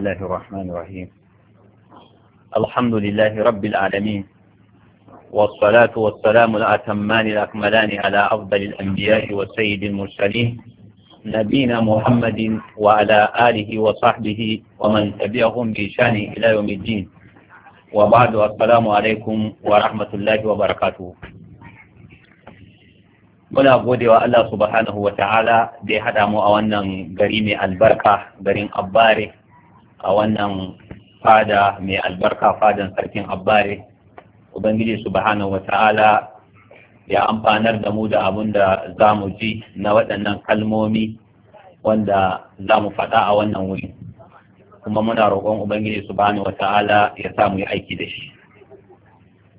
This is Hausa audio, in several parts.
الله الرحمن الرحيم الحمد لله رب العالمين والصلاة والسلام الأتمان الأكملان على أفضل الأنبياء والسيد المرسلين نبينا محمد وعلى آله وصحبه ومن تبعهم بشان إلى يوم الدين وبعد السلام عليكم ورحمة الله وبركاته muna gode wa Allah subhanahu wa ta'ala da ya haɗa mu a wannan gari mai albarka garin abbare a wannan fada mai albarka fadan sarkin abbare ubangiji subhanahu wata'ala ya amfanar da mu da abun da za mu ji na waɗannan kalmomi wanda za mu faɗa a wannan wuri kuma muna roƙon ubangiji subhanahu wata'ala ya sa mu yi aiki da shi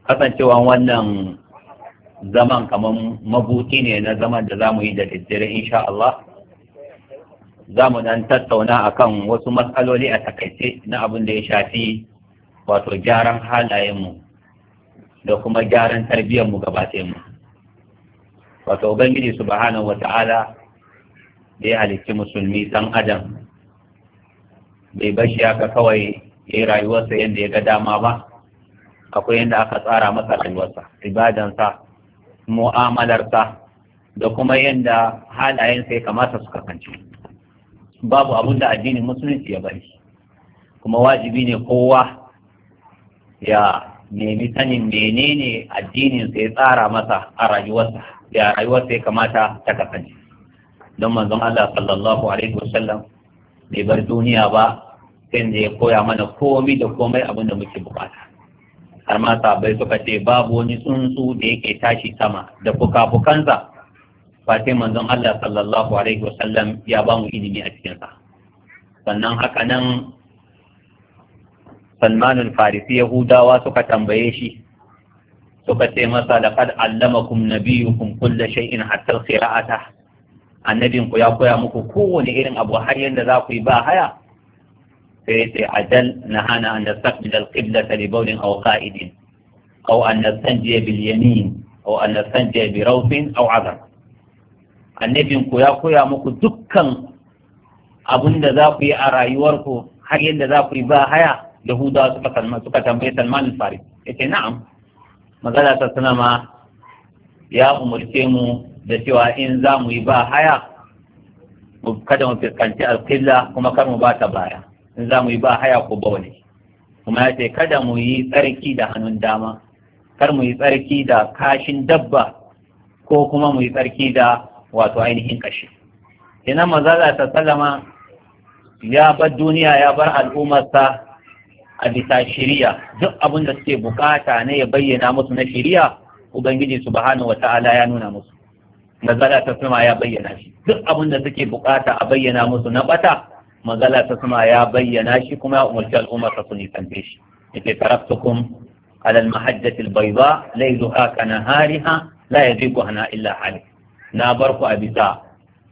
kasancewan wannan zaman kamar mabuti ne na zaman da za mu yi da daddare insha Allah za mu dan tattauna kan wasu matsaloli a takaice na abin da ya shafi wato gyaran halayenmu da kuma gyaran tarbiyyarmu gaba mu wato ubangiji subhanahu wata'ala da ya halicci musulmi san adam bai bashi haka kawai ya yi rayuwarsa yadda ya ga dama ba akwai yadda aka tsara masa rayuwarsa ibadansa mu'amalarsa da kuma yadda halayensa ya kamata su kasance babu abun da addinin musulunci ya bari kuma wajibi ne kowa ya nemi sanin menene addinin sai tsara masa a rayuwarsa ya rayuwarsa ya kamata ta kasance don manzon Allah sallallahu alaihi wasallam bai bar duniya ba sai da ya koya mana komai da komai abin da muke bukata har ma sabai suka ce babu wani tsuntsu da yake tashi sama da fuka-fukansa fatai manzon Allah sallallahu alaihi wasallam ya ba mu ilimi a cikinsa sannan haka nan salmanul farisi yahudawa suka tambaye shi suka ce masa laqad allamakum nabiyukum kulla shay'in hatta qira'ata annabin ku ya koya muku kowane irin abu har yanda za ku yi ba haya sai ya ce ajal nahana an nastaqbil al-qiblata li bawlin aw qa'idin aw an nastanjiya bil yamin aw an nastanjiya bi rawfin aw annabin ku ya koya muku dukkan abin da za ku yi a rayuwarku har yadda za ku yi ba haya da hudawa suka suka tambaye Salman al Ya ce na'am magana ta sanama ya umarce mu da cewa in za mu yi ba haya kada mu fuskanci alƙilla kuma kar mu bata baya in za mu yi ba haya ko bawane kuma ya ce kada mu yi tsarki da hannun dama kar mu yi tsarki da kashin dabba ko kuma mu yi tsarki da wato ainihin kashi ina manzala ta sallama ya bar duniya ya bar al'ummarsa a bisa shiriya duk abin da suke bukata ne ya bayyana musu na shiriya ubangiji subhanahu wata'ala ya nuna musu manzala ta sallama ya bayyana shi duk abin da suke bukata a bayyana musu na bata manzala ta sallama ya bayyana shi kuma ya umarci al'ummarsa su nisance shi yake taraktukum ala al-mahajjati al-bayda laylaha kanahariha la hana illa halik na bar ku a bisa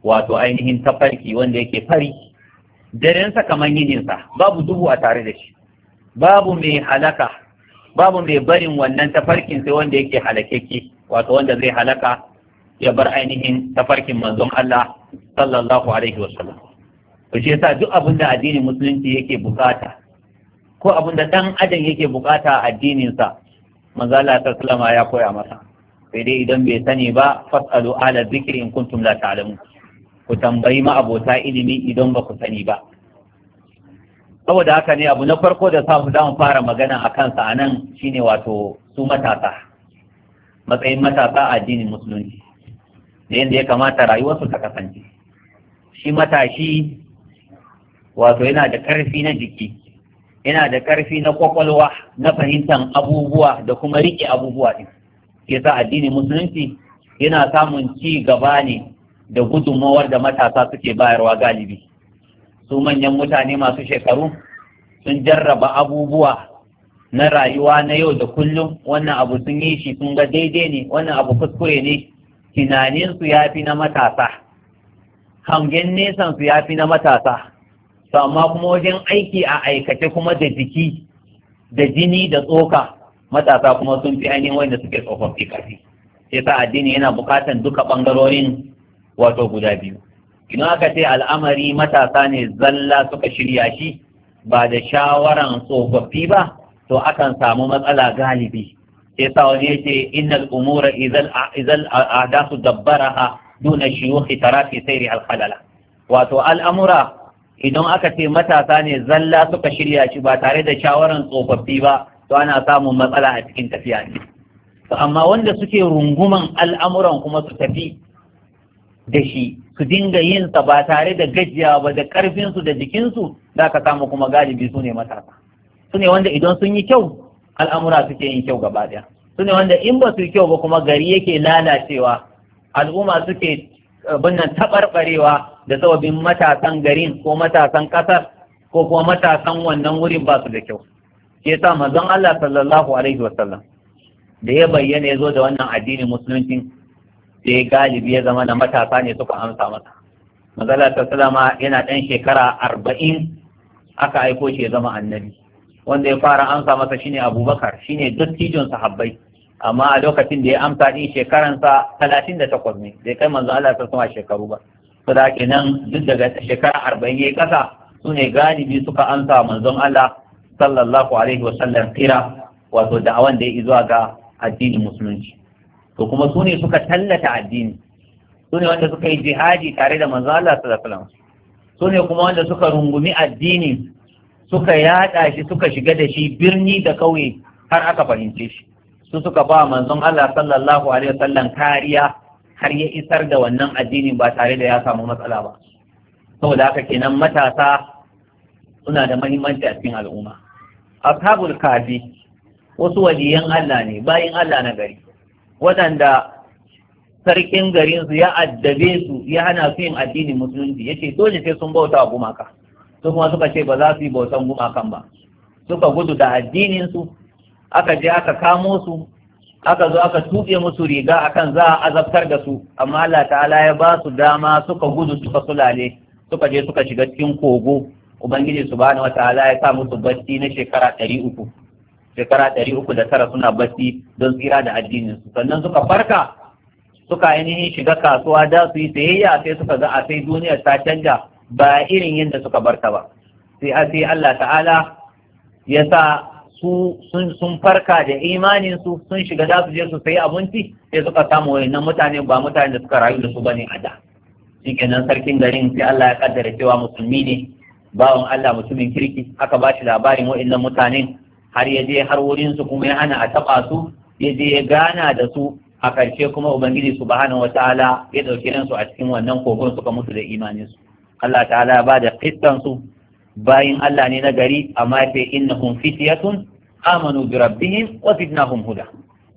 wato ainihin tafarki wanda yake fari darensa kamar yininsa babu duhu a tare da shi babu mai halaka babu mai barin wannan tafarkin sai wanda yake halakeke wato wanda zai halaka ya bar ainihin tafarkin manzon Allah sallallahu alaihi wasallam to shi yasa duk abin da addinin musulunci yake bukata ko abin da dan adam yake bukata a sa manzo Allah sallallahu alaihi ya koya masa sai dai idan bai sani ba fasalu ala zikri in kuntum la ta'lamun ku tambayi ma abota ilimi idan ba ku sani ba saboda haka ne abu na farko da sa za mu fara magana a kansa a nan shine wato su matasa matsayin matasa a addinin musulunci da yadda ya kamata rayuwarsu ta kasance shi matashi wato yana da karfi na jiki yana da ƙarfi na kwakwalwa na fahimtar abubuwa da kuma riƙe abubuwa ɗin Ke sa addini musulunci yana samun ci gaba ne da gudunmawar da matasa suke bayarwa galibi su manyan mutane masu shekaru sun jarraba abubuwa na rayuwa na yau da kullum wannan abu sun yi shi sun ga daidai ne wannan abu kuskure ne tunaninsu ya fi na matasa hangen nesansu ya fi na matasa to amma kuma wajen aiki a aikace kuma da jiki da jini da tsoka matasa kuma sun fi ainihin wanda suke tsofaffi kafi sai sa addini yana bukatan duka ɓangarorin wato guda biyu idan aka ce al'amari matasa ne zalla suka shirya shi ba da shawaran tsofaffi ba to akan samu matsala galibi sai sa wani yace innal umura idan idan dabbara dabbaraha duna shuyukhi tarafi sayri al-khalala wato al'amura idan aka ce matasa ne zalla suka shirya shi ba tare da shawaran tsofaffi ba to ana samun matsala a cikin tafiya ne to amma wanda suke runguman al'amuran kuma su tafi da shi su dinga yin sa ba tare da gajiya ba da karfin su da jikin su za ka samu kuma galibi su ne matasa su ne wanda idan sun yi kyau al'amura suke yin kyau gaba daya su ne wanda in ba su yi kyau ba kuma gari yake lalacewa al'umma suke binnan taɓarɓarewa da sababin matasan garin ko matasan ƙasar ko kuma matasan wannan wurin ba su da kyau ke yasa mazan Allah sallallahu alaihi wasallam da ya bayyana ya zo da wannan addinin musulunci sai galibi ya zama da matasa ne suka amsa masa manzala ta salama yana ɗan shekara arba'in aka aiko shi ya zama annabi wanda ya fara amsa masa shine abubakar shine dattijon sahabbai amma a lokacin da ya amsa din shekaransa talatin da takwas ne bai kai manzo Allah ta sama shekaru ba to da kenan duk daga shekara arba'in ya yi ƙasa su ne galibi suka amsa manzon Allah sallallahu alaihi wa sallam kira wato da'awan da ya zuwa ga addinin musulunci to kuma su ne suka tallata addini su ne wanda suka yi jihadi tare da manzo Allah sallallahu alaihi wasallam su ne kuma wanda suka rungumi addini suka yada shi suka shiga da shi birni da kauye har aka fahimce shi su suka ba manzon Allah sallallahu alaihi wasallam kariya har ya isar da wannan addini ba tare da ya samu matsala ba saboda haka kenan matasa suna da muhimmanci a cikin al'umma ashabul kafi wasu waliyan Allah ne bayin Allah na gari waɗanda sarkin garinsu ya addabe su ya hana su yin addinin musulunci yace dole sai sun bauta wa gumaka su kuma suka ce ba za su yi bautan gumakan ba suka gudu da addinin su aka je aka kamo su aka zo aka tuɓe musu riga akan za a azabtar da su amma Allah ta'ala ya ba su dama suka gudu suka sulale suka je suka shiga cikin kogo ubangiji su bani wata ala ya sa musu bacci na shekara ɗari uku shekara ɗari uku da tara suna bacci don tsira da addinin su sannan suka farka suka ainihin shiga kasuwa da su yi sayayya sai suka ga a sai duniya ta canja ba irin yadda suka barta ba sai a sai Allah ta'ala ya sa su sun farka da imanin su sun shiga da su je su sayi abinci sai suka samu wayannan mutane ba mutane da suka rayu da su ba ne a da kenan sarkin garin sai Allah ya kaddara cewa musulmi ne bawan Allah mutumin kirki aka ba shi labarin waɗannan mutanen har ya je har wurin su kuma ya hana a taba su ya je ya gana da su a karshe kuma ubangiji subhanahu wataala ya dauki nan su a cikin wannan kogon suka mutu da imanin su Allah ta'ala ya bada kissan su bayin Allah ne na gari amma fa innahum fityatun amanu bi rabbihim wa zidnahum huda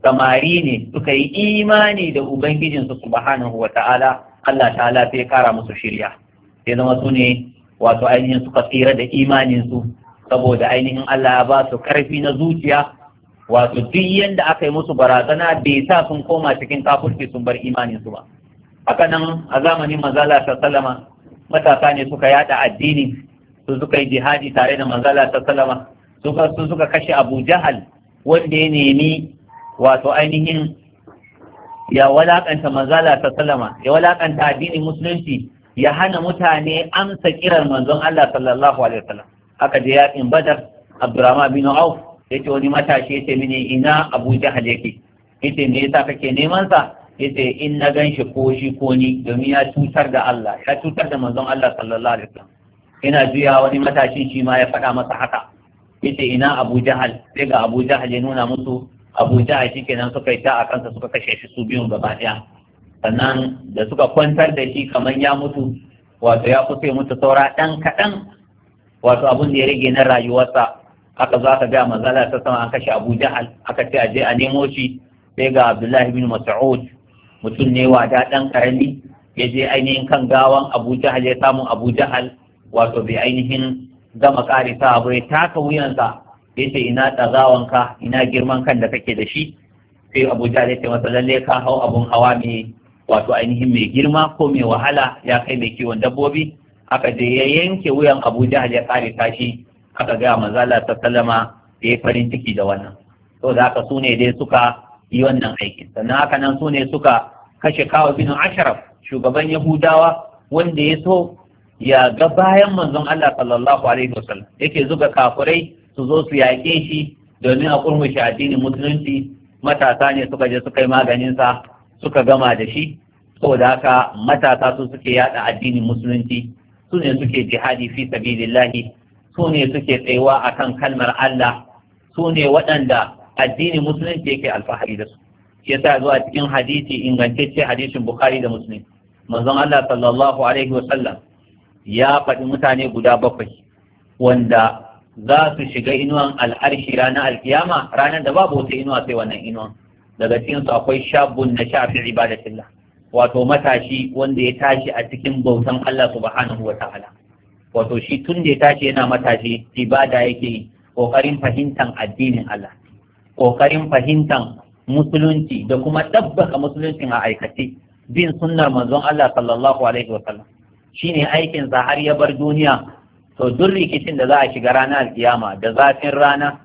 samari ne suka yi imani da ubangijinsu subhanahu wataala Allah ta'ala sai kara musu shirya sai zama su ne wato ainihin suka tsira da imaninsu saboda ainihin Allah ba su karfi na zuciya wato duk yanda aka yi musu barazana bai sa sun koma cikin kafurci sun bar imaninsu ba haka nan a zamanin manzala ta salama matasa ne suka yada addini su suka yi jihadi tare da manzala ta salama suka suka kashe abu jahal wanda ya nemi wato ainihin ya walakanta manzala ta salama ya walakanta addinin musulunci ya hana mutane amsa kiran manzon Allah sallallahu alaihi wasallam aka je yakin badar abdurrahman bin auf yace wani matashi yace mini ina abu jahal yake yace me yasa kake neman sa yace in na ganshi ko shi ko ni domin ya cutar da Allah ya cutar da manzon Allah sallallahu alaihi wasallam ina juya wani matashi shi ma ya faɗa masa haka yace ina abu jahal sai ga abu jahal ya nuna musu abu jahal shikenan suka yi ta a kansa suka kashe shi su biyun gaba daya sannan da suka kwantar da shi kamar ya mutu wato ya kusa mutu saura ɗan kaɗan wato abin da ya rage na rayuwarsa haka za ka ga manzala ta sama an kashe abu jahal aka ce a je a nemo shi sai ga abdullahi bin mas'ud mutum ne wada ɗan ƙarami ya je ainihin kan gawan abu jahal ya samu abu jahal wato bai ainihin gama sa abu ya taka wuyansa ya ce ina ɗazawanka ina girman kan da kake da shi sai abu jahal ya ce masa lalle ka hau abun hawa mai wato ainihin mai girma ko mai wahala ya kai mai kiwon dabbobi aka je ya yanke wuyan abu jihar ya kare tashi aka gaya manzala ta sallama ya yi farin ciki da wannan to da aka su ne dai suka yi wannan aikin sannan haka nan sune suka kashe kawo binin asharaf shugaban yahudawa wanda ya so ya ga bayan manzon Allah sallallahu alaihi wasallam yake zuga kafurai su zo su yaƙe shi domin a kurmushi addinin musulunci matasa ne suka je suka yi maganinsa suka gama da shi saboda haka matasa su suke yada addinin musulunci su ne suke jihadi fi sabilillahi su ne suke tsayuwa akan kalmar Allah su ne waɗanda addinin musulunci yake alfahari da su ya sa zuwa cikin hadisi ingantacce hadisin bukhari da muslim manzon Allah sallallahu alaihi wasallam ya faɗi mutane guda bakwai wanda za su shiga inuwan al'arshi ranar alkiyama ranar da babu wata inuwa sai wannan inuwan daga cikinsu akwai shabun na shafi ibadatillah wato matashi wanda ya tashi a cikin bautan Allah subhanahu wa wato shi tun da ya tashi yana matashi ibada yake kokarin fahimtar addinin Allah kokarin fahimtar musulunci da kuma tabbaka musuluncin a aikace bin sunnar manzon Allah sallallahu alaihi wa sallam shine aikin sa har ya bar duniya to duk rikicin da za a shiga ranar alkiyama da zafin rana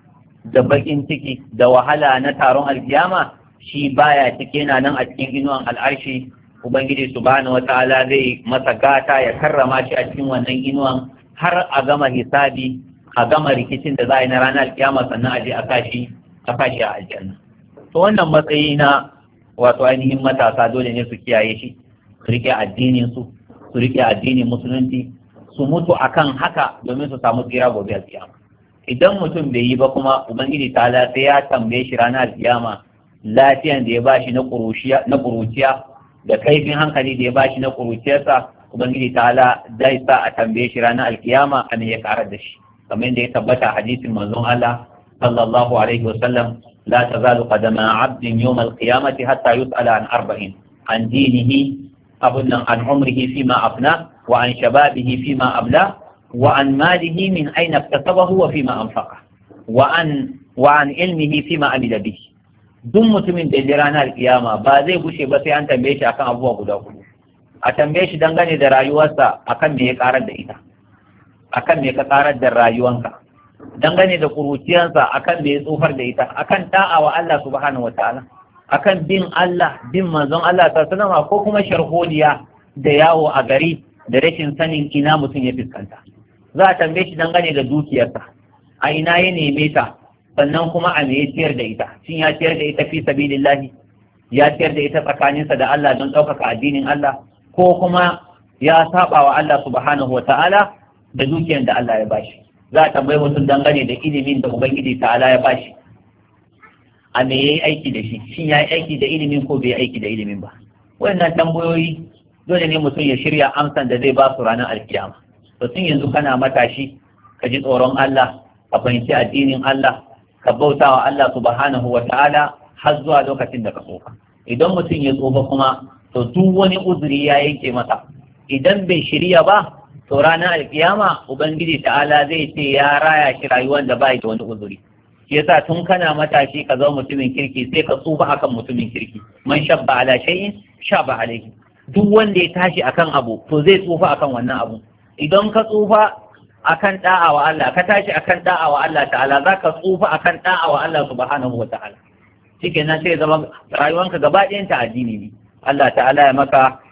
da bakin ciki da wahala na taron alkiyama shi baya cike yana nan a cikin inuwan al'arshi ubangiji subhanahu ala zai masa gata ya karrama shi a cikin wannan inuwan har a gama hisabi a gama rikicin da za a yi na ranar alkiyama sannan a je a kashi a kashi a aljanna to wannan matsayi na wato ainihin matasa dole ne su kiyaye shi su rike addinin su su rike addinin musulunci su mutu akan haka domin su samu tsira gobe alkiyama idan mutum bai yi ba kuma ubangiji ta'ala sai ya tambaye shi ranar alkiyama lafiyan da ya bashi na ƙuruciya da kaifin hankali da ya bashi na ƙuruciyarsa ubangiji ta'ala zai sa a tambaye shi ranar alkiyama an ya karar da shi kamar da ya tabbata hadisin manzon Allah sallallahu alaihi wa sallam la tazalu qadama 'abdin yawm al hatta yus'ala an arba'in an dinihi abun nan an umrihi fima afna wa an shababihi fima abla wa an malihi min aina iktasabahu wa fima anfaqa wa an wa an ilmihi fima amila bihi duk mutumin da ya ranar kiyama ba zai gushe ba sai an tambaye shi akan abubuwa guda hudu a tambaye shi dangane da rayuwarsa akan me ya karar da ita akan me ka karar da rayuwanka dangane da kuruciyansa akan me ya tsofar da ita akan ta'a wa Allah subhanahu wataala akan bin Allah bin manzon Allah ta ko kuma sharhodiya da yawo a gari da rashin sanin ina mutum ya fuskanta za a tambaye shi dangane da dukiyarsa a ina ya neme ta sannan kuma a me ya ciyar da ita shin ya ciyar da ita fi sabilillahi ya ciyar da ita tsakaninsa da Allah don ɗaukaka addinin Allah ko kuma ya saba wa Allah subhanahu wa ta'ala da dukiyar da Allah ya bashi za a tambayi mutum dangane da ilimin da Ubangiji ta'ala ya bashi a me yayi aiki da shi shin ya yi aiki da ilimin ko bai aiki da ilimin ba wannan tambayoyi dole ne mutum ya shirya amsan da zai ba su ranar alkiyama to tun yanzu kana matashi ka ji tsoron Allah ka fahimci addinin Allah ka bauta wa Allah subhanahu wa ta'ala har zuwa lokacin da ka tsufa. idan mutum ya tsufa kuma to duk wani uzuri ya yanke masa idan bai shirya ba to ranar alkiyama ubangiji ta'ala zai ce ya raya shi rayuwar da bai da wani uzuri yasa tun kana matashi ka zama mutumin kirki sai ka tsufa akan mutumin kirki man shabba ala shay'in shaba alayhi duk wanda ya tashi akan abu to zai tsufa akan wannan abu idan ka tsufa akan da'a wa Allah ka tashi akan da'a wa Allah ta'ala zaka tsufa akan da'a wa Allah subhanahu wa ta'ala na sai zama rayuwanka gaba ɗayan ta addini ne Allah ta'ala ya maka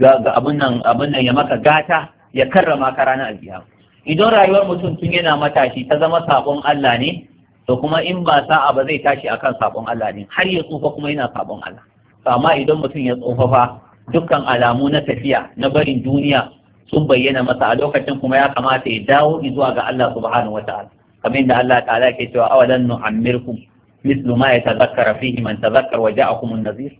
ga abun nan abun nan ya maka gata ya karrama ka ranar alkiyama idan rayuwar mutum tun yana matashi ta zama sabon Allah ne to kuma in ba sa'a ba zai tashi akan sabon Allah ne har ya tsufa kuma yana sabon Allah amma idan mutum ya tsufafa dukkan alamu na tafiya na barin duniya sun bayyana masa a lokacin kuma ya kamata ya dawo zuwa ga Allah subhanahu wataala kamar yadda Allah ta'ala ke cewa awalan nu'ammirkum mislu ma yatadhakkara fihi man tadhakkar wa ja'akum an-nazir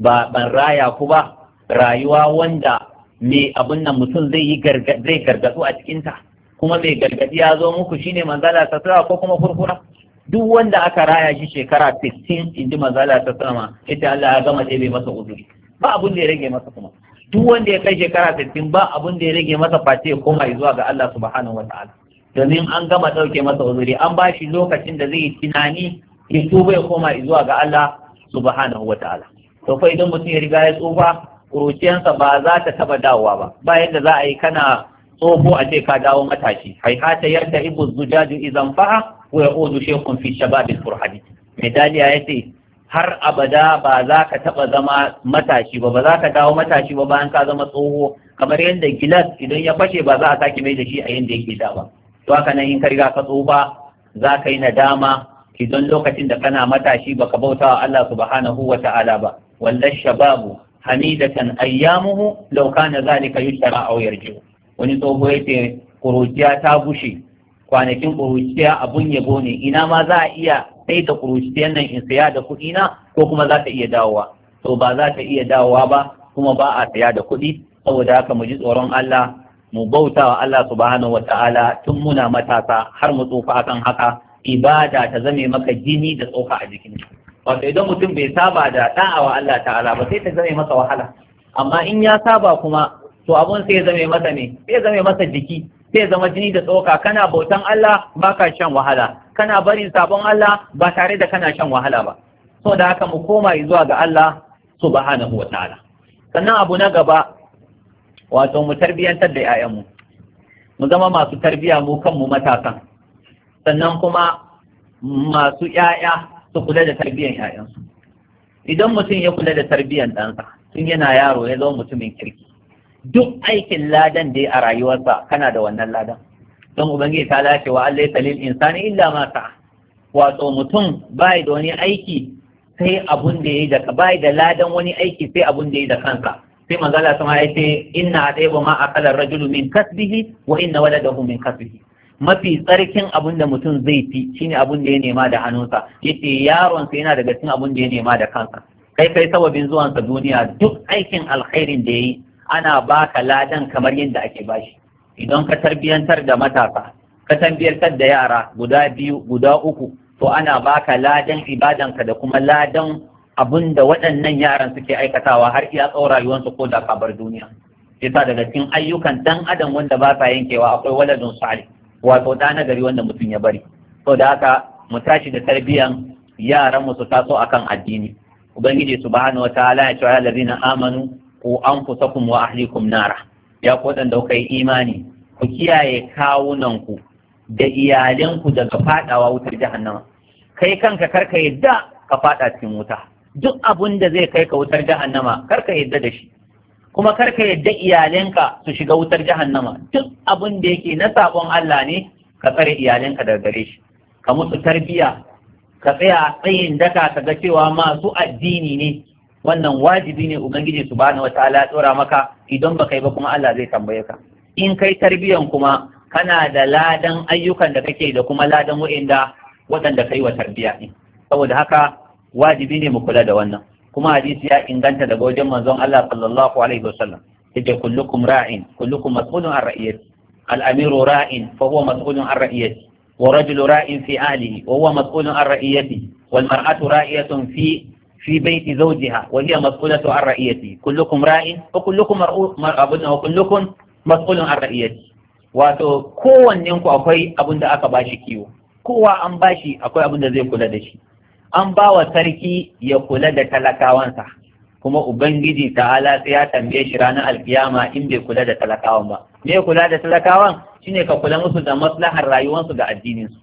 ba ban raya ku ba rayuwa wanda me abin nan mutum zai yi zai gargadu a cikin ta kuma mai gargadi ya zo muku shine manzala ta sura ko kuma kurkura duk wanda aka raya shi shekara 15 inji manzala ta ma, ita Allah ya gama dai bai masa uzuri ba abun da ya rage masa kuma duk wanda ya kai shekara 60 ba abin da ya rage masa face ya koma zuwa ga Allah subhanahu wataala domin an gama dauke masa uzuri an ba shi lokacin da zai tunani ya tuba ya koma zuwa ga Allah subhanahu wataala to fa idan mutum ya riga ya tsufa kuruciyansa ba za ta taba dawowa ba ba yadda za a yi kana tsofo a ce ka dawo matashi haihata yadda ibu zujaju izan faha wa ya odu shekun fi shababin furhadi medaliya ya ce har abada ba za ka taɓa zama matashi ba ba za ka dawo matashi ba bayan ka zama tsoho kamar yadda gilas idan ya fashe ba za a sake mai da shi a yadda yake da ba to haka nan in ka riga ka tsufa za ka yi nadama idan lokacin da kana matashi baka bauta wa Allah subhanahu wa ta'ala ba wallahi shababu hamidatan ayyamuhu law kana zalika yushra aw yarji wani tsoho yake kuruciya ta bushe kwanakin kuruciya abun yabo ne ina ma za a iya sai ta kuruci yanayin in saya da kuɗi na ko kuma za ta iya dawowa to ba za ta iya dawowa ba kuma ba a saya da kuɗi saboda haka mu ji tsoron Allah mu bauta wa Allah subhanahu ta'ala tun muna matasa har mu tsufa akan haka ibada ta zame maka jini da tsoka a jikin wato idan mutum bai saba da wa Allah ta'ala ba sai ta zame masa wahala amma in ya saba kuma to abun sai ya zame masa ne sai ya zame masa jiki sai zama jini da tsoka kana bautan Allah ba ka shan wahala kana barin sabon Allah ba tare da kana shan wahala ba so da haka mu koma zuwa ga Allah subhanahu wa ta'ala sannan abu na gaba wato mu tarbiyantar da 'ya'yanmu mu zama masu tarbiya mu kanmu matasan sannan kuma masu 'ya'ya su kula da tarbiyan 'ya'yansu idan mutum ya kula da tarbiyan ɗansa tun yana yaro ya zama mutumin kirki duk aikin ladan da ya a rayuwarsa kana da wannan ladan don ubangiji ta lashe wa Allah in insani illa ma wato mutum bai da wani aiki sai abun da yayi daga bai da ladan wani aiki sai abun da yayi da kansa sai manzala sama ya ce inna adaiba ma kalar rajulu min kasbihi wa inna waladahu min kasbihi mafi tsarkin abun da mutum zai fi shine abun da ya nema da hannunsa yace yaronsa yana daga cikin abun da ya nema da kansa kai kai sababin zuwansa duniya duk aikin alkhairin da yayi ana baka ladan kamar yadda ake bashi idan ka tarbiyantar da matasa ka tarbiyantar da yara guda biyu guda uku to ana baka ladan ibadanka da kuma ladan abin da waɗannan yaran suke aikatawa har iya tsawon rayuwarsu ko da kabar duniya yasa daga cikin ayyukan dan adam wanda ba sa yankewa akwai waladun sali wato da na gari wanda mutum ya bari to da haka mu tashi da tarbiyan yaran mu su taso akan addini ubangiji subhanahu wataala ya ce wa amanu ku kuma wa ahlikum nara ya ku waɗanda kuka yi imani ku kiyaye kawunanku da ku daga fadawa wutar jahannama kai kanka karka yadda ka fada cikin wuta duk abun da zai kai ka wutar jahannama karka yadda da shi kuma karka yadda iyalanka su shiga wutar jahannama duk abun da yake na sabon Allah ne ka tsare iyalanka daga gare shi ka musu tarbiya ka tsaya tsayin daka ka ga cewa masu addini ne wannan wajibi ne ubangiji bani wata ala tsora maka idan baka yi ba kuma Allah zai tambaye ka in kai tarbiyan kuma kana da ladan ayyukan da kake da kuma ladan wa'inda waɗanda kai wa tarbiya saboda haka wajibi ne mu kula da wannan kuma hadisi ya inganta daga wajen manzon Allah sallallahu alaihi wasallam yace kullukum ra'in kullukum mas'ulun an ra'iyati al-amiru ra'in fa huwa mas'ulun an ra'iyati ورجل راء في huwa وهو مسؤول عن رعيته والمرأة راعية fi. في بيت زوجها وهي مسؤولة عن رعيته كلكم راع وكلكم مرؤوف وكلكم مسؤول عن رعيته wato ku akwai abin da aka bashi kiwo kowa an bashi akwai abin da zai kula da shi an ba wa sarki ya kula da talakawansa kuma ubangiji ta'ala sai ya tambaye shi ranar alkiyama in bai kula da talakawan ba me kula da talakawan shine ka kula musu da maslahar rayuwarsu da addininsu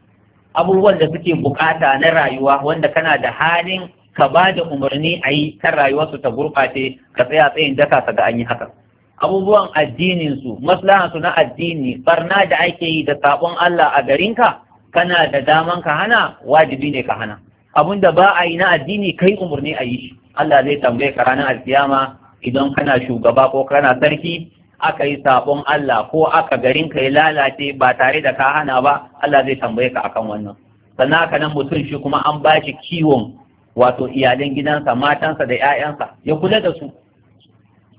abubuwan da suke bukata na rayuwa wanda kana da halin ka ba da umarni a yi kan rayuwarsu ta gurɓace ka tsaya tsayin daka ka ga an yi haka abubuwan addininsu maslahansu na addini barna da ake yi da sabon Allah a garinka kana da daman ka hana wajibi ne ka hana abun da ba a yi na addini kai umarni a yi shi Allah zai tambaye ka ranar alkiyama idan kana shugaba ko kana sarki aka yi sabon Allah ko aka garin ka ya lalace ba tare da ka hana ba Allah zai tambaye ka akan wannan sannan haka nan mutum shi kuma an ba shi kiwon wato iyalan gidansa matansa da 'ya'yansa ya kula da su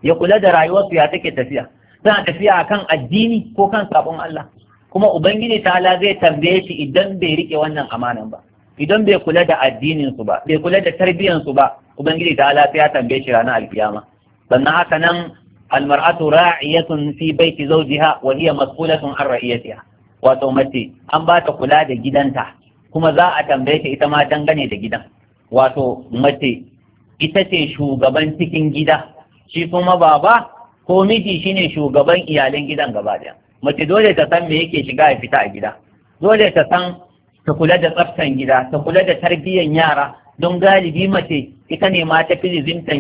ya kula da rayuwarsu ya take tafiya suna tafiya akan addini ko kan sabon Allah kuma ubangiji ta'ala zai tambaye shi idan bai rike wannan amanan ba idan bai kula da addinin su ba bai kula da tarbiyan su ba ubangiji ta'ala sai ya tambaye shi ranar alkiyama sannan haka nan almar'atu ra'iyatun fi baiti zawjiha wa hiya mas'ulatun an ra'iyatiha wato mace an ba ta kula da gidanta kuma za a tambaye ta ita ma dangane da gidan wato mace ita ce shugaban cikin gida shi kuma baba ko miji shine shugaban iyalan gidan gaba daya mace dole ta san me yake shiga ya fita a gida dole ta san ta kula da tsaftan gida ta kula da tarbiyyan yara don galibi mace ita ne ma ta fi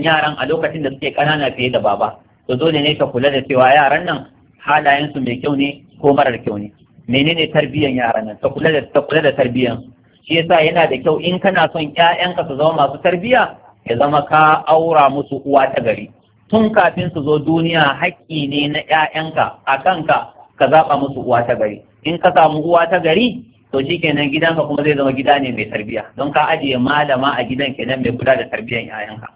yaran a lokacin da suke kanana fiye da baba to dole ne ta kula da cewa yaran nan halayensu mai kyau ne ko marar kyau ne menene tarbiyyan yaran nan ta kula da tarbiyyan shi yasa yana da kyau in kana son ƴaƴanka su zama masu tarbiyya ya zama ka aura musu uwa ta gari tun kafin su zo duniya haƙƙi ne na ƴaƴanka a kanka ka zaɓa musu uwa ta gari in ka samu uwa ta gari to kenan gidanka kuma zai zama gida ne mai tarbiya don ka ajiye malama a gidan kenan mai kula da tarbiyan ƴaƴanka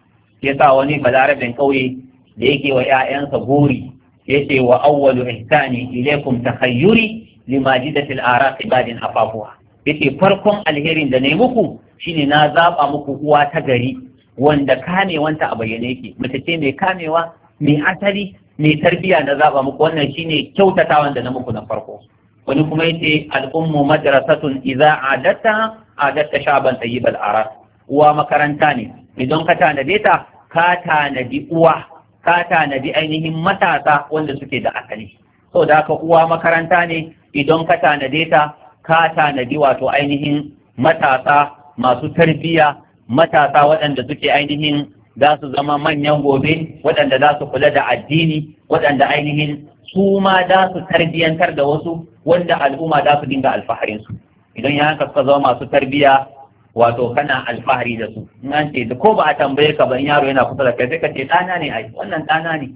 yasa wani balarabin ƙauye da yake wa ƴaƴansa gori ya ce wa awwalu ihsani ilaykum takhayyuri limajidatil araq ibadin afafuha yake farkon alherin da na yi muku shine na zaba muku uwa ta gari wanda kamewanta a bayyane yake mace ce mai kamewa mai asali mai tarbiya na zaba muku wannan shine kyautatawan da na muku na farko wani kuma yace al'ummu madrasatun idza adatta adatta shaban tayyibal aras uwa makaranta ne idan ka tanade ta ka tanadi uwa ka tanadi ainihin matasa wanda suke da asali da haka uwa makaranta ne idan ka tanade ta ka tanadi wato ainihin matasa masu tarbiya matasa waɗanda suke ainihin za su zama manyan gobe waɗanda za su kula da addini waɗanda ainihin su ma za su tarbiyyantar da wasu wanda al'umma za su dinga alfaharin su idan ya haka suka zama masu tarbiya wato kana alfahari da su in an ce ko ba a tambaye ka in yaro yana kusa da kai sai ka ce ɗana ne ai wannan ɗana ne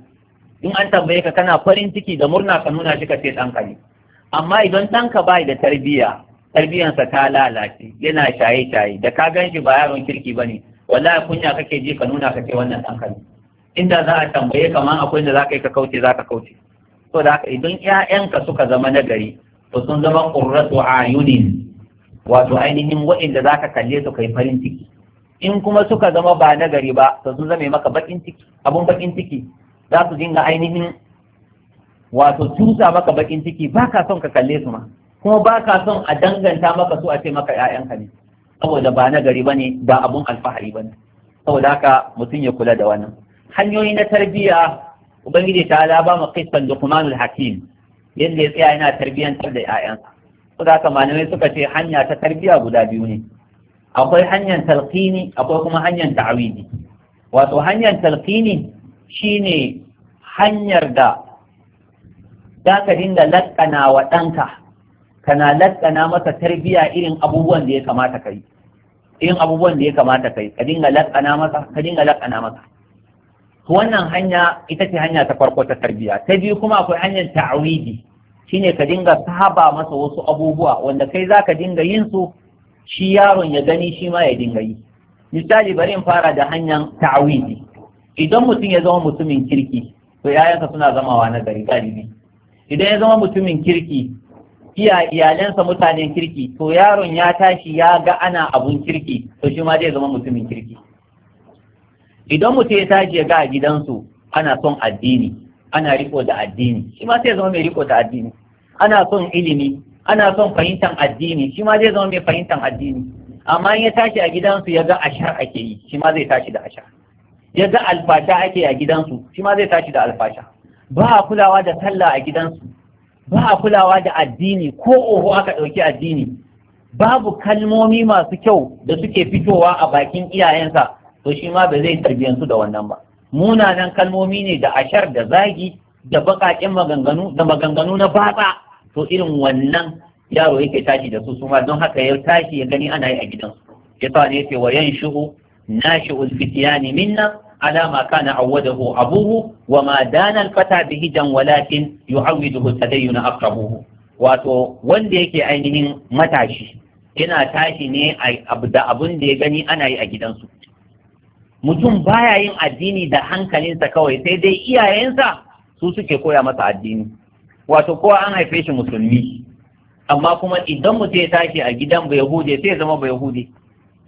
in an tambaye ka kana farin ciki da murna ka nuna shi ka ce ɗanka ne amma idan ɗanka bai da tarbiyya tarbiyyansa ta lalace yana shaye-shaye da ka gan shi ba yaron kirki ba ne wallahi kunya kake ji ka nuna ka ce wannan ɗanka ne inda za a tambaye kamar akwai da za ka yi ka kauce za ka kauce to da haka idan 'ya'yanka suka zama nagari to sun zama qurratu ayunin wato ainihin waɗanda za ka kalle su kai farin ciki in kuma suka zama ba nagari ba to sun zame maka bakin ciki abun bakin ciki za su dinga ainihin wato cusa maka bakin ciki ba ka son ka kalle su ma kuma ba ka son a danganta maka su a ce maka 'ya'yanka ne saboda ba nagari ba ne ba abun alfahari ba ne. saboda haka mutum ya kula da wannan hanyoyi na tarbiyya ubangiji ta ala ba mu qisban luqmanul hakim yadda ya tsaya yana tarbiyantar da ƴaƴansa saboda haka malamai suka ce hanya ta tarbiyya guda biyu ne akwai hanyar talqini akwai kuma hanyar ta'awidi wato hanyar talqini shine hanyar da za ka dinga lakkana wa ɗanka kana lakkana masa tarbiya irin abubuwan da ya kamata ka yi irin abubuwan da ya kamata ka yi ka dinga lakkana masa ka dinga masa wannan hanya ita ce hanya ta farko ta tarbiya ta biyu kuma akwai hanyar ta'awidi shine ka dinga saba masa wasu abubuwa wanda kai za ka dinga yin su shi yaron ya gani shi ma ya dinga yi misali bari in fara da hanyar ta'awidi idan mutum ya zama mutumin kirki to yayanka suna zamawa na gari galibi idan ya zama mutumin kirki iya iyalansa mutanen kirki to yaron ya tashi ya ga ana abun kirki to shi ma zai zama mutumin kirki idan mutum ya tashi ya ga a gidansu ana son addini ana riko da addini shi ma zai zama mai riko da addini ana son ilimi ana son fahimtar addini shi ma zai zama mai fahimtar addini amma in ya tashi a gidansu ya ga ashar ake yi shi ma zai tashi da ashar ya ga alfasha ake a gidansu shi ma zai tashi da alfasha ba a kulawa da sallah a gidansu ba a kulawa da addini ko oho aka ɗauki addini babu kalmomi masu kyau da suke fitowa a bakin iyayensa to shi ma ba zai tarbiyyansu da wannan ba munanan kalmomi ne da ashar da zagi da baƙaƙen maganganu da maganganu na batsa to irin wannan yaro yake tashi da su suma don haka ya tashi ya gani ana yi a gidansu ya sa ne ce wa yan shu'u na shu'ul ne minna على ما كان عوده أبوه وما دان الفتى بهجا ولكن يعوده التدين أقربه wato wanda yake ainihin matashi yana tashi ne da abin da ya gani ana yi a gidansu mutum baya yin addini da hankalinsa kawai sai dai iyayensa su suke koya masa addini wato kowa an haife shi musulmi amma kuma idan mutum ya tashi a gidan ba yahude sai zama ba yahude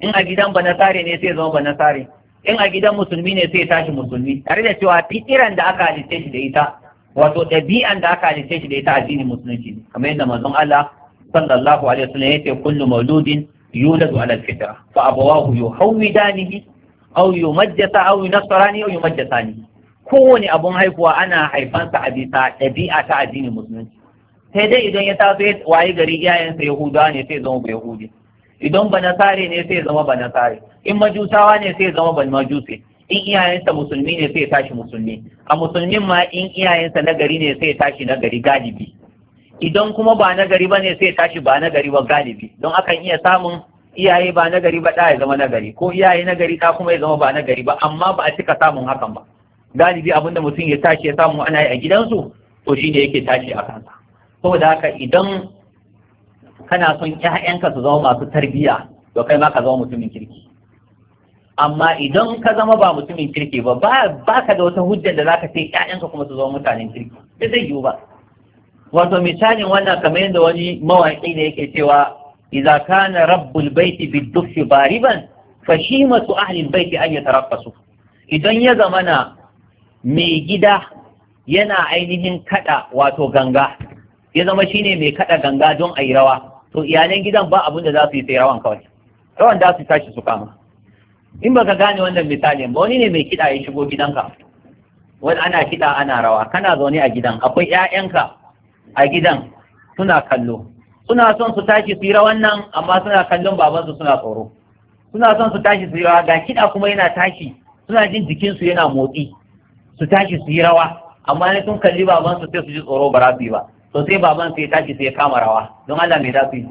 in a gidan ba nasare ne sai zama ba nasare in a gidan musulmi ne sai tashi musulmi tare da cewa fitiran da aka halitta shi da ita wato ɗabi'an da aka halitta shi da ita addinin musulunci kamar yadda manzon Allah sallallahu alaihi wasallam yace kullu mauludin yuladu ala alfitra fa abawahu yuhawidanihi aw yumajjasa aw yunasrani aw yumajjasani kowane abun haifuwa ana haifansa a bisa ɗabi'a ta addinin musulunci sai dai idan ya taso waye gari iyayensa yahudawa ne sai zama yahudi idan ba nasare ne sai ya zama ba nasare in majusawa ne sai zama ba majusi in iyayensa musulmi ne sai tashi musulmi a musulmin ma in iyayensa nagari ne sai ya tashi nagari galibi idan kuma ba nagari ba ne sai tashi ba nagari ba galibi don akan iya samun iyaye ba nagari ba da ya zama nagari ko iyaye nagari ta kuma ya zama ba nagari ba amma ba a cika samun hakan ba galibi abinda mutum ya tashi ya samu ana yi a gidansu to shine yake tashi a kansa saboda haka idan kana son 'ya'yanka su zama masu tarbiyya to kai ma ka zama mutumin kirki amma idan ka zama ba mutumin kirki ba ba ka da wata hujjar da ka ce 'ya'yanka kuma su zama mutanen kirki sai zai yiwu ba wato misalin wannan kamar yadda wani mawaƙi da yake cewa Idan kana rabbul baiti biddufi bariban masu ahlin baiti an yataraffasu idan ya na, mai gida yana ainihin kaɗa wato ganga ya zama shine mai kaɗa ganga don ayi rawa to iyalan gidan ba abin da za su yi sai rawan kawai rawan za su tashi su kama in baka gane wannan misali, ba wani ne mai kiɗa ya shigo gidanka wani ana kiɗa ana rawa kana zaune a gidan akwai ƴaƴanka a gidan suna kallo suna son su tashi su yi rawan nan amma suna kallon babansu suna tsoro suna son su tashi su yi rawa ga kiɗa kuma yana tashi suna jin jikinsu yana motsi su tashi su yi rawa amma ne sun kalli babansu sai su ji tsoro ba za ba to sai baban sai tashi sai ya kama rawa don Allah me za su yi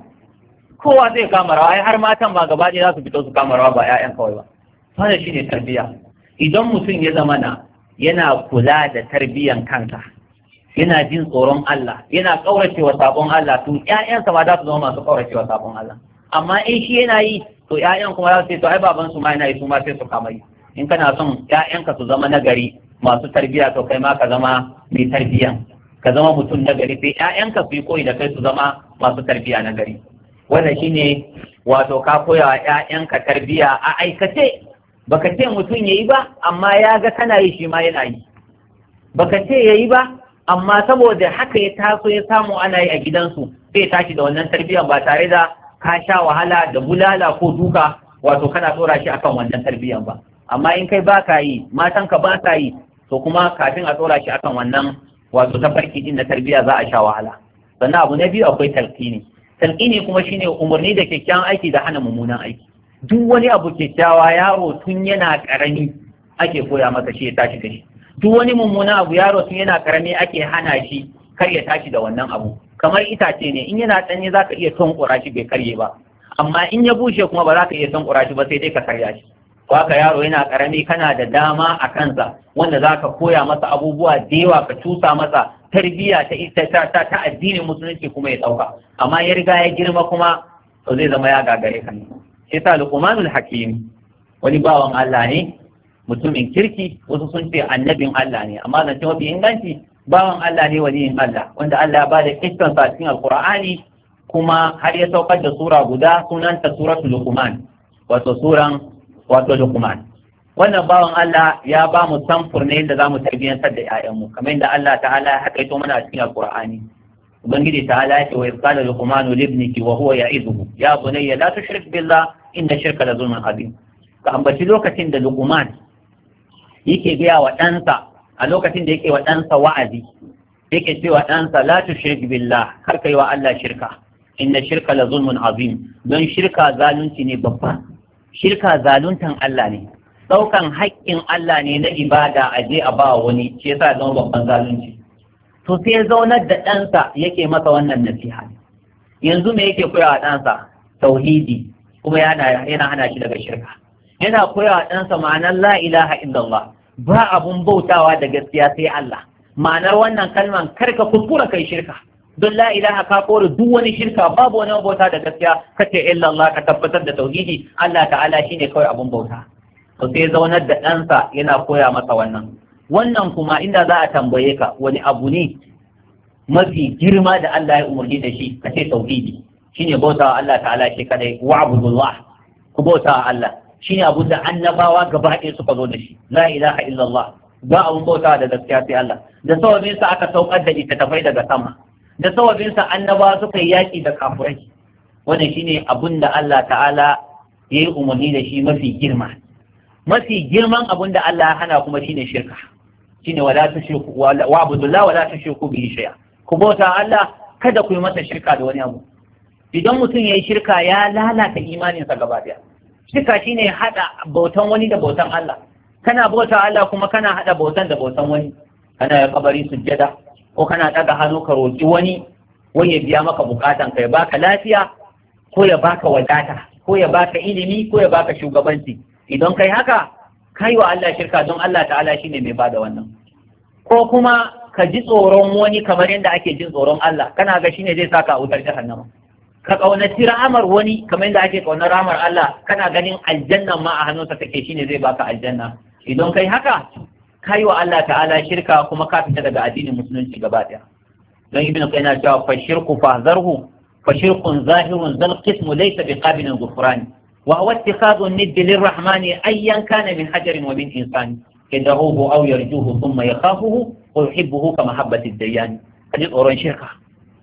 kowa zai kama rawa ai har matan ba gaba za su fito su kama rawa ba ƴaƴan kawai ba wannan shine tarbiyya idan mutum ya zama na, yana kula da tarbiyyan kanka yana jin tsoron Allah yana kauracewa sabon Allah to ƴaƴansa ba za su zama masu kauracewa sabon Allah amma in shi yana yi to ƴaƴan kuma za su ce to ai baban su ma yana yi su ma sai su kama yi in kana son ƴaƴanka su zama nagari masu tarbiya to kai ma ka zama mai tarbiyan ka zama mutum na gari sai ƴaƴanka su yi koyi da kai su zama masu tarbiya na gari wannan shine wato ka koya wa ƴaƴanka tarbiya a aikace baka ce mutum yayi ba amma ya ga kana yi shi ma yana yi baka ce yayi ba amma saboda haka ya taso ya samu ana yi a gidansu zai tashi da wannan tarbiyyar ba tare da ka sha wahala da bulala ko duka wato kana tsora shi akan wannan tarbiyyar ba amma in kai ba ka yi matanka ba ka yi to kuma kafin a tsora shi akan wannan wato ta farki din na tarbiya za a sha wahala sannan abu na biyu akwai talqini talqini kuma shine umarni da kyakkyawan aiki da hana mummunan aiki duk wani abu kyakkyawa yaro tun yana karami ake koya masa shi ya tashi da shi duk wani mummunan abu yaro tun yana karami ake hana shi kar ya tashi da wannan abu kamar itace ne in yana tsanye za ka iya tonkura shi bai karye ba amma in ya bushe kuma ba za ka iya tonkura shi ba sai dai ka karya shi baka yaro yana karami kana da dama a kansa wanda za ka koya masa abubuwa da yawa ka cusa masa tarbiyya ta ta ta addinin musulunci kuma ya dauka amma ya riga ya girma kuma to zai zama ya gagare ka ne sai sa luqmanul hakim wani bawan Allah ne mutumin kirki wasu sun ce annabin Allah ne amma zan ce mafi inganci bawan Allah ne waliyin Allah wanda Allah ba da kiskan sa cikin alqur'ani kuma har ya saukar da sura guda sunanta suratul luqman wato suran wato Luqman wannan bawan Allah ya ba mu samfur ne da zamu tarbiyyantar da ƴaƴanmu kamar yadda Allah ta'ala ya ito mana a cikin Al-Qur'ani ubangiji ta'ala ya ce wa qala Luqman li ibnihi wa huwa ya'izuhu ya bunayya la tushrik billah inna shirka la zulmun azim ka ambaci lokacin da Luqman yake gaya wa ɗansa a lokacin da yake wa ɗansa wa'azi yake cewa ɗansa la tushrik billah kar kai wa Allah shirka inna shirka la zulmun azim don shirka zalunci ne babba shirka zaluntan Allah ne ɗaukan haƙƙin Allah ne na ibada a je a ba wani shi yasa zama babban zalunci to sai zaunar da ɗansa yake masa wannan nasiha yanzu me yake koyawa ɗansa tauhidi kuma yana hana shi daga shirka yana koyawa ɗansa ma'anar la ilaha illallah ba abun bautawa da gaskiya sai Allah ma'anar wannan kalman kar ka kuskura kai shirka don la ilaha ka kore duk wani shirka babu wani bauta da gaskiya kace illa Allah ka tabbatar da tauhidi Allah ta'ala shine kawai abun bauta to sai zaunar da ɗansa yana koya masa wannan wannan kuma inda za a tambaye ka wani abu ne mafi girma da Allah ya umarni da shi kace tauhidi shine bauta Allah ta'ala shi kadai wa abudullah ku bauta Allah shine abun da annabawa gaba ɗaya suka zo da shi la ilaha illallah ba abun bauta da gaskiya sai Allah da sauran sa aka saukar da ita tafai daga sama da sababinsa annaba suka yi yaƙi da kafurai wannan shine abin da Allah ta'ala ya yi umarni da shi mafi girma mafi girman abin da Allah ya hana kuma shine shirka shine wala tushriku wa abudullah wala shirku bihi shay'a ku bauta Allah kada ku yi masa shirka da wani abu idan mutum ya yi shirka ya lalata imaninsa gaba daya shirka shine hada bautan wani da bautan Allah kana bauta Allah kuma kana hada bautan da bautan wani kana ya kabari sujjada ko kana ɗaga hannu ka roƙi wani wani ya biya maka bukatan ka ya baka lafiya ko ya baka wadata ko ya baka ilimi ko ya baka shugabanci idan kai haka kai wa Allah shirka don Allah ta'ala shine mai bada wannan ko kuma ka ji tsoron wani kamar yadda ake jin tsoron Allah kana ga shine zai saka a wutar jahannama ka kaunaci ra'amar wani kamar yadda ake kaunar ramar Allah kana ganin aljanna ma a hannunsa take shine zai baka aljanna idan kai haka yi wa Allah ta'ala shirka kuma ka fita daga addinin musulunci gaba ɗaya don ibnu kai na cewa fa shirku fa zarhu fa shirkun zahirun zal qismu laysa bi qabilin ghufran wa huwa ittikhadhu an-nidd lirrahmani ayyan kana min hajarin wa min insani yadahuhu aw yarjuhu thumma yakhafuhu wa yuhibbuhu ka mahabbati ad-dayyan kaji tsoron shirka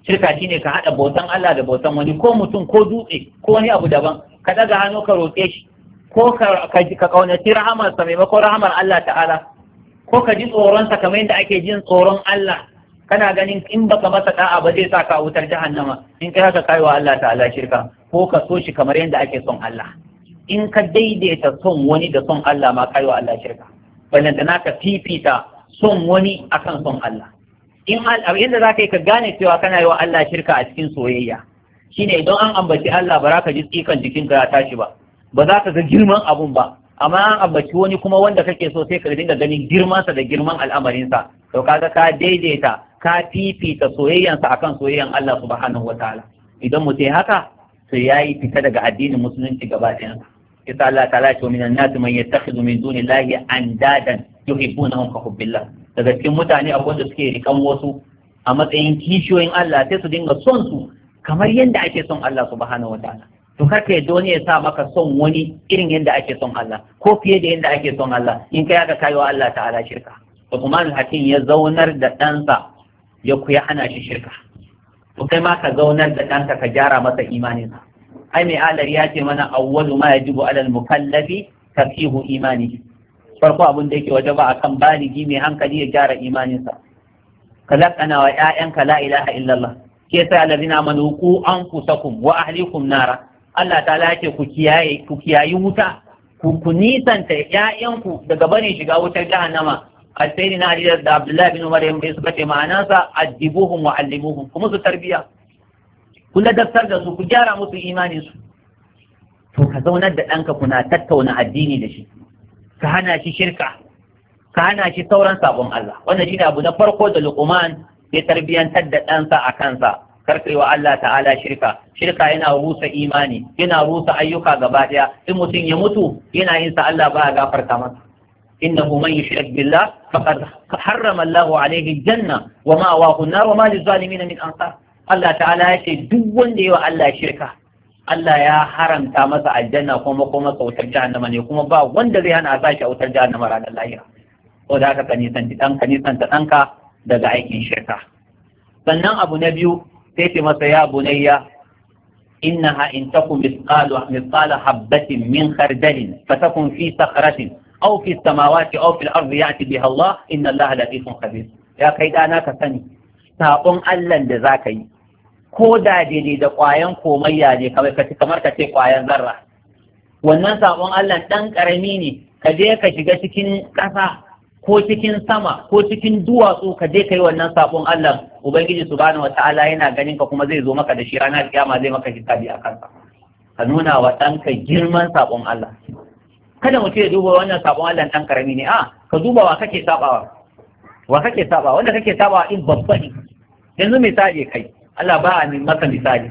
shirka shine ka hada bautan Allah da bautan wani ko mutum ko dutse ko wani abu daban ka daga hannu ka roƙe shi ko ka kaunaci sa maimakon rahamar Allah ta'ala ko ka ji tsoronsa kamar yadda ake jin tsoron Allah kana ganin in baka masa da'a ba zai sa ka wutar jahannama in kai haka kaiwa Allah ta'ala shirka ko ka so shi kamar yadda ake son Allah in ka daidaita son wani da son Allah ma kaiwa Allah shirka da naka fifita son wani akan son Allah in abin za ka yi ka gane cewa kana yi wa Allah shirka a cikin soyayya shine idan an ambaci Allah ba za ka ji tsikan jikinka ya tashi ba ba za ka ga girman abun ba amma an ambaci wani kuma wanda kake so sai ka dinga ganin girmansa da girman al'amarinsa to kaga ka daidaita ka fifita soyayyansa akan soyayyan Allah subhanahu wataala idan mu sai haka to yayi fita daga addinin musulunci gaba ɗaya kisa Allah ta'ala ce minan nasu man yattakhidhu min dunillahi andadan yuhibbunahum ka hubbillah daga cikin mutane akwai wanda suke rikan wasu a matsayin kishiyoyin Allah sai su dinga son su kamar yadda ake son Allah subhanahu wataala to karka doni wani ya sa maka son wani irin yadda ake son Allah ko fiye da yadda ake son Allah in kai aka wa Allah ta'ala shirka Usman Hakim ya zaunar da ɗansa ya kuya hana shi shirka to kai ma ka zaunar da ɗanka ka gyara masa imaninsa ai mai alar ya ce mana awwalu ma yajibu alal mukallafi tasihu imani farko abin da yake wajaba akan baligi mai hankali ya gyara imaninsa ka lakana wa ƴaƴanka la ilaha illallah ke sa allazina amanu qu anfusakum wa ahlikum nara Allah ta lace ku kiyaye ku kiyayi wuta ku ku nisanta ƴaƴanku daga barin shiga wutar jahannama al na Ali da Abdullahi bin Umar su suka ce ma'anansa addibuhum wa allimuhum kuma su tarbiya ku ladabtar da su ku gyara musu imanin su to ka zaunar da ɗanka kuna tattauna addini da shi ka hana shi shirka ka hana shi sauran sabon Allah wannan shine abu na farko da Luqman ya tarbiyantar da ɗansa a kansa karkai wa Allah ta'ala shirka shirka yana rusa imani yana rusa ayyuka gaba daya in mutum ya mutu yana yin sa Allah ba ya gafarta masa innahu man yushrik billah faqad harrama Allahu alayhi janna wa ma'awahu an-nar wa ma lizzalimin min ansar Allah ta'ala ya ce duk wanda yi wa Allah shirka Allah ya haramta masa aljanna kuma kuma sautar jahannama ne kuma ba wanda zai hana sashi a wutar jahannama ranar lahira ko da haka ka ɗanka nisanta ɗanka daga aikin shirka sannan abu na biyu sai ce masa ya bunayya innaha in takum misqalu misqala habatin min khardalin fatakun fi sakhratin aw fi samawati aw fil ardi ya'ti biha Allah inna Allah latifun khabir ya kai dana ka sani sabon Allah da zaka yi ko da daidai da kwayan komayya ne kamar kace kamar kace kwayan zarra wannan sabon Allah dan karami ne ka je ka shiga cikin ƙasa ko cikin sama ko cikin duwatsu ka je kai wannan sabon Allah ubangiji subhanahu wata'ala yana ganin ka kuma zai zo maka da shi ranar kiyama zai maka hisabi a kansa ka nuna wa ɗanka girman sabon Allah kada mu ce duba wannan sabon Allah ɗan karami ne a ah, ka duba wa kake sabawa wa kake sabawa wanda kake sabawa in babba ne yanzu misali kai Allah ba a maka misali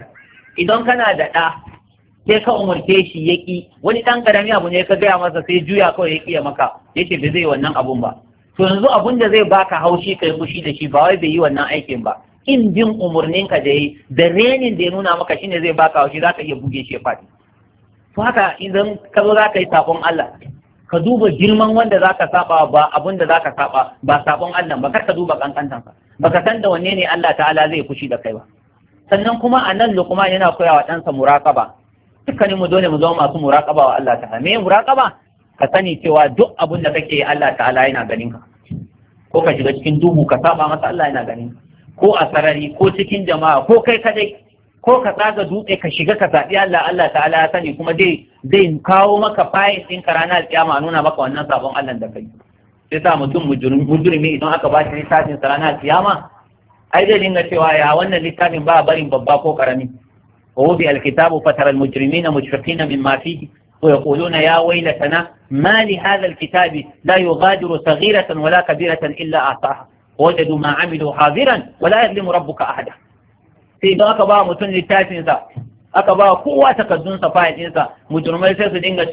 idan kana da ɗa sai ka umarce shi ya ƙi wani ɗan ƙarami abu ne ka gaya masa sai juya kawai ya maka ya ce zai wannan abun ba to yanzu abun da zai baka haushi kai fushi da shi ba wai bai yi wannan aikin ba in bin ka da yi da renin da ya nuna maka shine zai baka haushi zaka iya buge shi ya faɗi to haka idan ka zo zaka yi sakon Allah ka duba girman wanda zaka saba ba abun da zaka saba ba sakon Allah ba kar ka duba kankantan ka baka san da wanne ne Allah ta'ala zai fushi da kai ba sannan kuma a nan lokuma yana koya wa ɗansa muraƙaba dukkanin mu dole mu zama masu muraƙaba wa Allah ta'ala me muraƙaba ka sani cewa duk abun da kake Allah ta'ala yana ganin ka ko ka shiga cikin duhu ka saba masa Allah yana gani ko a sarari ko cikin jama'a ko kai kadai ko ka tsaga dutse ka shiga ka saɓi Allah Allah ta'ala ya sani kuma dai zai kawo maka fayin ɗin ka ranar kiyama a nuna maka wannan sabon Allah da kai sai sa mutum mujurmi idan aka ba shi littafin sa ranar kiyama ai zai dinga cewa ya wannan littafin ba barin babba ko karami wa bi alkitabu fatara almujrimina mushfiqina mimma fihi ويقولون يا ويلتنا ما لهذا الكتاب لا يغادر صغيرة ولا كبيرة إلا أعطاها وجدوا ما عملوا حاضرا ولا يظلم ربك أحدا sai don aka ba mutum littafinsa aka ba kowa takardunsa fayil ɗinsa mujirmai sai su dinga